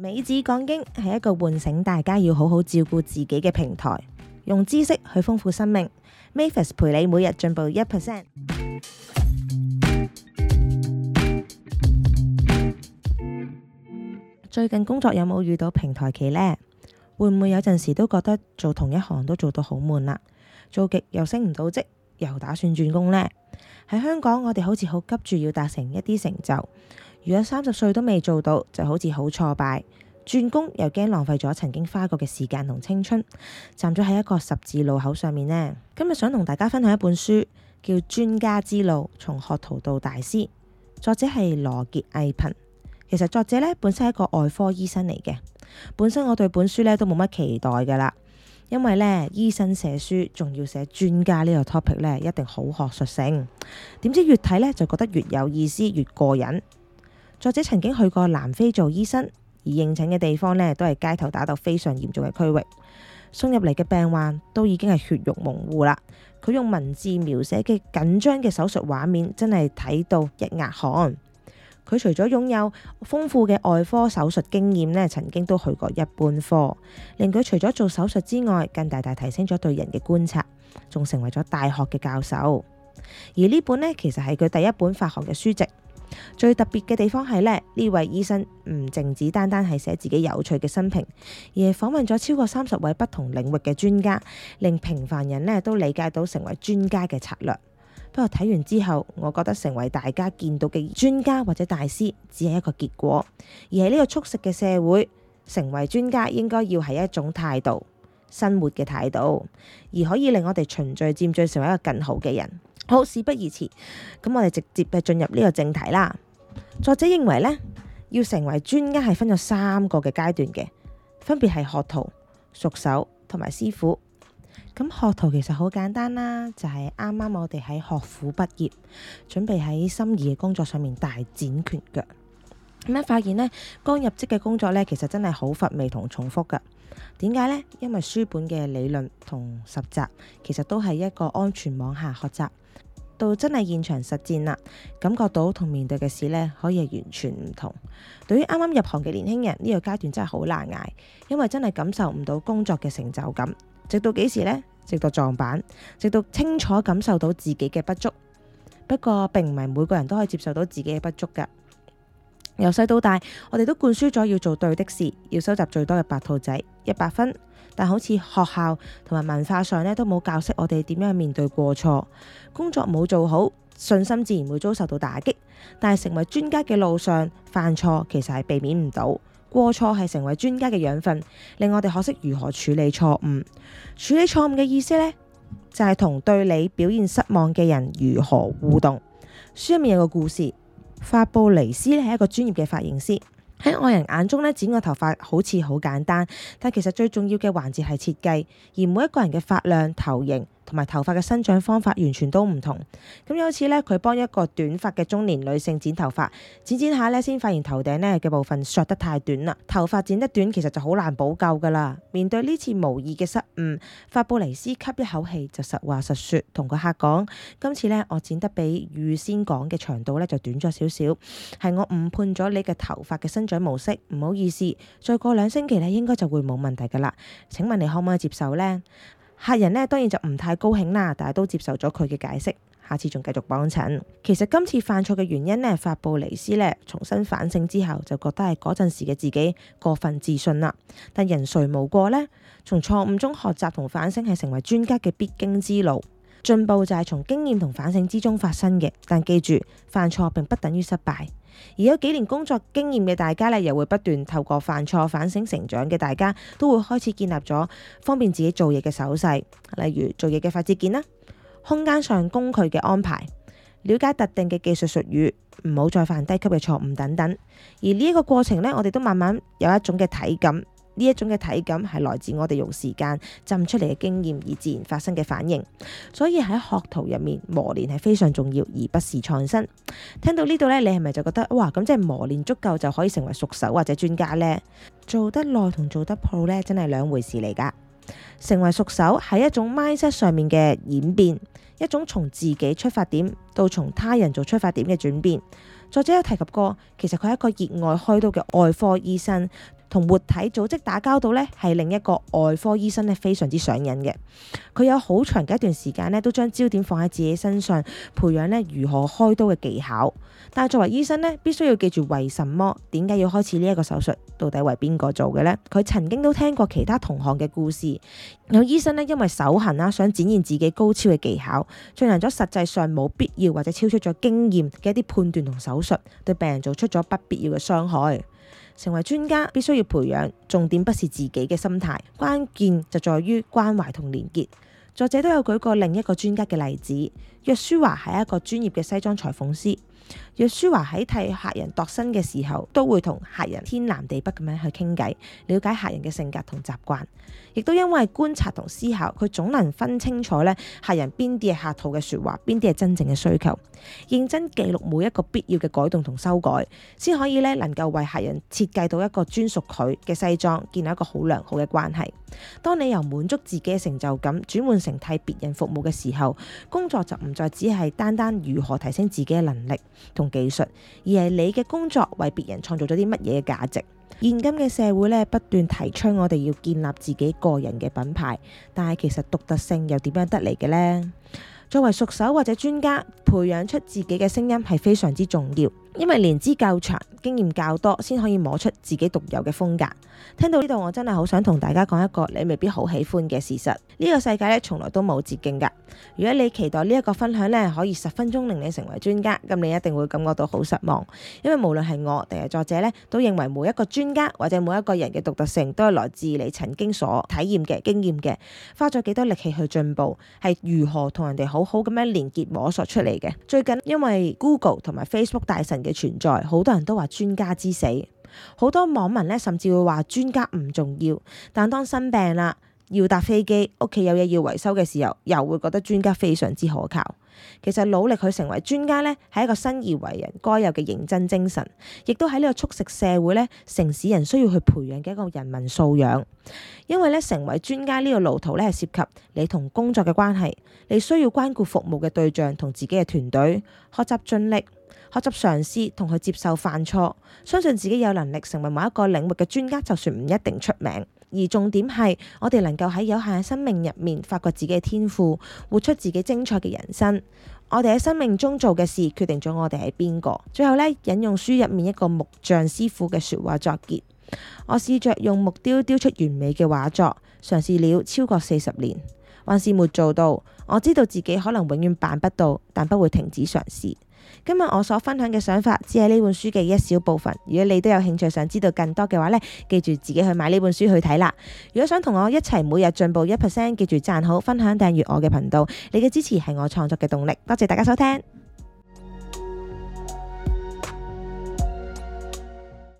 美子講經係一個喚醒大家要好好照顧自己嘅平台，用知識去豐富生命。Mavis 陪你每日進步一 percent。最近工作有冇遇到平台期呢？會唔會有陣時都覺得做同一行都做到好悶啦？做極又升唔到職。又打算轉工呢？喺香港，我哋好似好急住要達成一啲成就。如果三十歲都未做到，就好似好挫敗。轉工又驚浪費咗曾經花過嘅時間同青春。站咗喺一個十字路口上面呢。今日想同大家分享一本書，叫《專家之路：從學徒到大師》，作者係羅傑‧倪朋。其實作者呢本身係一個外科醫生嚟嘅。本身我對本書呢都冇乜期待㗎喇。因為咧，醫生寫書仲要寫專家呢個 topic 咧，一定好學術性。點知越睇呢，就覺得越有意思，越過癮。作者曾經去過南非做醫生，而應診嘅地方呢，都係街頭打鬥非常嚴重嘅區域，送入嚟嘅病患都已經係血肉模糊啦。佢用文字描寫嘅緊張嘅手術畫面，真係睇到一額汗。佢除咗擁有豐富嘅外科手術經驗咧，曾經都去過一般科，令佢除咗做手術之外，更大大提升咗對人嘅觀察，仲成為咗大學嘅教授。而呢本呢，其實係佢第一本發行嘅書籍。最特別嘅地方係咧，呢位醫生唔淨止單單係寫自己有趣嘅生平，而係訪問咗超過三十位不同領域嘅專家，令平凡人呢都理解到成為專家嘅策略。不過睇完之後，我覺得成為大家見到嘅專家或者大師，只係一個結果，而喺呢個速食嘅社會，成為專家應該要係一種態度、生活嘅態度，而可以令我哋循序漸進，成為一個更好嘅人。好，事不宜遲，咁我哋直接嘅進入呢個正題啦。作者認為呢，要成為專家係分咗三個嘅階段嘅，分別係學徒、熟手同埋師傅。咁學徒其實好簡單啦，就係啱啱我哋喺學府畢業，準備喺心儀嘅工作上面大展拳腳。咁樣發現呢，剛入職嘅工作呢，其實真係好乏味同重複噶。點解呢？因為書本嘅理論同實習其實都係一個安全網下學習，到真係現場實戰啦，感覺到同面對嘅事呢，可以係完全唔同。對於啱啱入行嘅年輕人，呢個階段真係好難挨，因為真係感受唔到工作嘅成就感。直到幾時呢？直到撞板，直到清楚感受到自己嘅不足。不過並唔係每個人都可以接受到自己嘅不足噶。由細到大，我哋都灌輸咗要做對的事，要收集最多嘅白兔仔，一百分。但好似學校同埋文化上咧，都冇教識我哋點樣去面對過錯。工作冇做好，信心自然會遭受到打擊。但係成為專家嘅路上犯錯，其實係避免唔到。過錯係成為專家嘅養分，令我哋學識如何處理錯誤。處理錯誤嘅意思呢，就係、是、同對你表現失望嘅人如何互動。書入面有個故事，法布尼斯呢係一個專業嘅髮型師。喺外人眼中呢，剪個頭髮好似好簡單，但其實最重要嘅環節係設計，而每一個人嘅髮量、頭型。同埋頭髮嘅生長方法完全都唔同。咁有一次咧，佢幫一個短髮嘅中年女性剪頭髮，剪剪下咧，先發現頭頂咧嘅部分削得太短啦。頭髮剪得短其實就好難補救噶啦。面對呢次無意嘅失誤，法布尼斯吸一口氣就實話實説，同個客講：「今次咧，我剪得比預先講嘅長度咧就短咗少少，係我誤判咗你嘅頭髮嘅生長模式，唔好意思。再過兩星期咧，應該就會冇問題噶啦。請問你可唔可以接受呢？」客人呢當然就唔太高興啦，但係都接受咗佢嘅解釋，下次仲繼續幫襯。其實今次犯錯嘅原因呢，法布尼斯呢重新反省之後，就覺得係嗰陣時嘅自己過分自信啦。但人誰無過呢？從錯誤中學習同反省係成為專家嘅必經之路，進步就係從經驗同反省之中發生嘅。但記住，犯錯並不等於失敗。而有幾年工作經驗嘅大家咧，又會不斷透過犯錯反省成長嘅大家，都會開始建立咗方便自己做嘢嘅手勢，例如做嘢嘅快捷鍵啦，空間上工具嘅安排，了解特定嘅技術術語，唔好再犯低級嘅錯誤等等。而呢一個過程咧，我哋都慢慢有一種嘅體感。呢一種嘅體感係來自我哋用時間浸出嚟嘅經驗而自然發生嘅反應，所以喺學徒入面磨練係非常重要而不是創新。聽到呢度咧，你係咪就覺得哇，咁即係磨練足夠就可以成為熟手或者專家呢？做得耐同做得 pro 咧，真係兩回事嚟噶。成為熟手係一種 mindset 上面嘅演變，一種從自己出發點，到從他人做出發點嘅轉變。作者有提及過，其實佢係一個熱愛開刀嘅外科醫生，同活體組織打交道呢，係另一個外科醫生呢，非常之上癮嘅。佢有好長嘅一段時間呢，都將焦點放喺自己身上，培養呢如何開刀嘅技巧。但係作為醫生呢，必須要記住為什麼、點解要開始呢一個手術，到底為邊個做嘅呢？佢曾經都聽過其他同行嘅故事，有醫生呢，因為手痕啦，想展現自己高超嘅技巧，進行咗實際上冇必要。或者超出咗經驗嘅一啲判斷同手術，對病人做出咗不必要嘅傷害。成為專家必須要培養，重點不是自己嘅心態，關鍵就在於關懷同連結。作者都有舉過另一個專家嘅例子，約書華係一個專業嘅西裝裁縫師。約書華喺替客人度身嘅時候，都會同客人天南地北咁樣去傾偈，了解客人嘅性格同習慣，亦都因為觀察同思考，佢總能分清楚咧客人邊啲係客套嘅說話，邊啲係真正嘅需求。認真記錄每一個必要嘅改動同修改，先可以咧能夠為客人設計到一個專屬佢嘅西裝，建立一個好良好嘅關係。當你由滿足自己嘅成就感轉換成替別人服務嘅時候，工作就唔再只係單單如何提升自己嘅能力，同技術，而係你嘅工作為別人創造咗啲乜嘢嘅價值。現今嘅社會呢，不斷提出我哋要建立自己個人嘅品牌，但係其實獨特性又點樣得嚟嘅呢？作為熟手或者專家，培養出自己嘅聲音係非常之重要，因為年資夠長，經驗較多，先可以摸出自己獨有嘅風格。聽到呢度，我真係好想同大家講一個你未必好喜歡嘅事實：呢個世界咧，從來都冇捷徑噶。如果你期待呢一個分享呢，可以十分鐘令你成為專家，咁你一定會感覺到好失望。因為無論係我定係作者呢，都認為每一個專家或者每一個人嘅獨特性都係來自你曾經所體驗嘅經驗嘅，花咗幾多力氣去進步，係如何同人哋好好咁樣連結摸索出嚟嘅。最近因為 Google 同埋 Facebook 大神嘅存在，好多人都話，專家之死，好多網民咧甚至會話專家唔重要，但當生病啦，要搭飛機，屋企有嘢要維修嘅時候，又會覺得專家非常之可靠。其實努力去成為專家咧，係一個身而為人該有嘅認真精神，亦都喺呢個速食社會咧，城市人需要去培養嘅一個人民素養。因為咧，成為專家呢個路途咧，係涉及你同工作嘅關係，你需要關顧服務嘅對象同自己嘅團隊，學習盡力。學習嘗試同佢接受犯錯，相信自己有能力成為某一個領域嘅專家，就算唔一定出名。而重點係我哋能夠喺有限嘅生命入面發掘自己嘅天賦，活出自己精彩嘅人生。我哋喺生命中做嘅事，決定咗我哋係邊個。最後咧，引用書入面一個木匠師傅嘅說話作結：我試着用木雕雕出完美嘅畫作，嘗試了超過四十年，還是沒做到。我知道自己可能永遠辦不到，但不會停止嘗試。今日我所分享嘅想法只係呢本書嘅一小部分。如果你都有興趣想知道更多嘅話呢，記住自己去買呢本書去睇啦。如果想同我一齊每日進步一 percent，記住讚好、分享、訂閱我嘅頻道。你嘅支持係我創作嘅動力。多謝大家收聽。